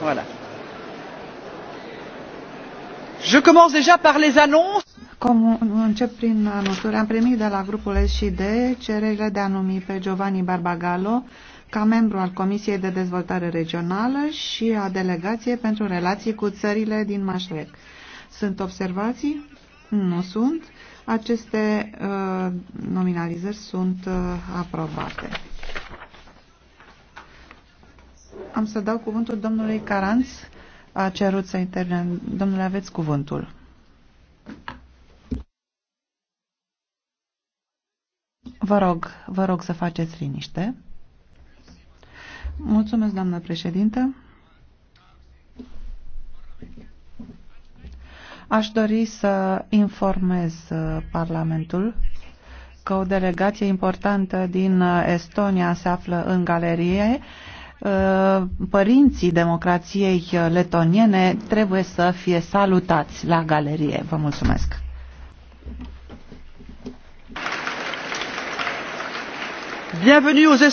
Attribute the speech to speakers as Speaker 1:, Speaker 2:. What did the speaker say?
Speaker 1: Voilà. Je commence déjà par les annonces. Com încep prin anunțuri. Am primit de la grupul SID cererile de a numi pe Giovanni Barbagallo ca membru al Comisiei de Dezvoltare Regională și a Delegației pentru Relații cu Țările din Mașrec. Sunt observații? Nu sunt. Aceste uh, nominalizări sunt uh, aprobate am să dau cuvântul domnului Caranț. A cerut să intervin. Domnule, aveți cuvântul. Vă rog, vă rog să faceți liniște. Mulțumesc, doamnă președintă. Aș dori să informez uh, Parlamentul că o delegație importantă din uh, Estonia se află în galerie Uh, părinții democrației letoniene trebuie să fie salutați la galerie. Vă mulțumesc! Bienvenue aux